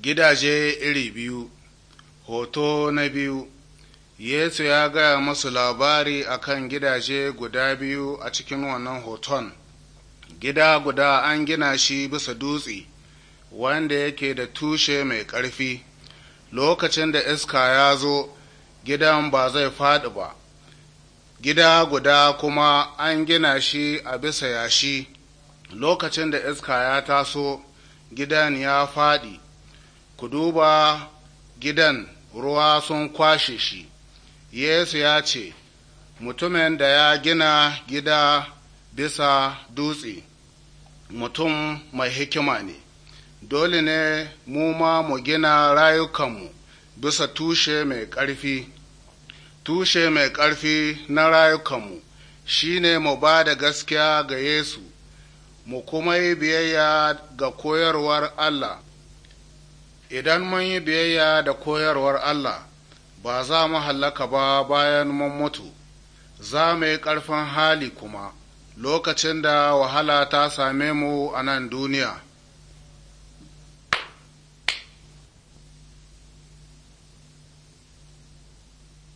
gidaje iri biyu hoto na biyu yesu ya gaya masu labari a kan gidaje guda biyu a cikin wannan hoton gida guda an gina shi bisa dutse wanda yake da tushe mai ƙarfi lokacin da iska ya zo gidan ba zai faɗi ba gida guda kuma an gina shi a bisa yashi lokacin da iska ya taso gidan ya faɗi ku duba gidan ruwa sun kwashe shi yesu ya ce mutumin da ya gina gida bisa dutse mutum mai hikima ne dole ne mu ma mu gina rayukanmu bisa tushe mai ƙarfi tushe mai ƙarfi na rayukanmu shi ne mu ba da gaskiya ga yesu mu kuma yi biyayya ga koyarwar allah idan mun yi biyayya da koyarwar Allah ba za mu hallaka ba bayan mun mutu za mu yi ƙarfin hali kuma lokacin da wahala ta same mu a nan duniya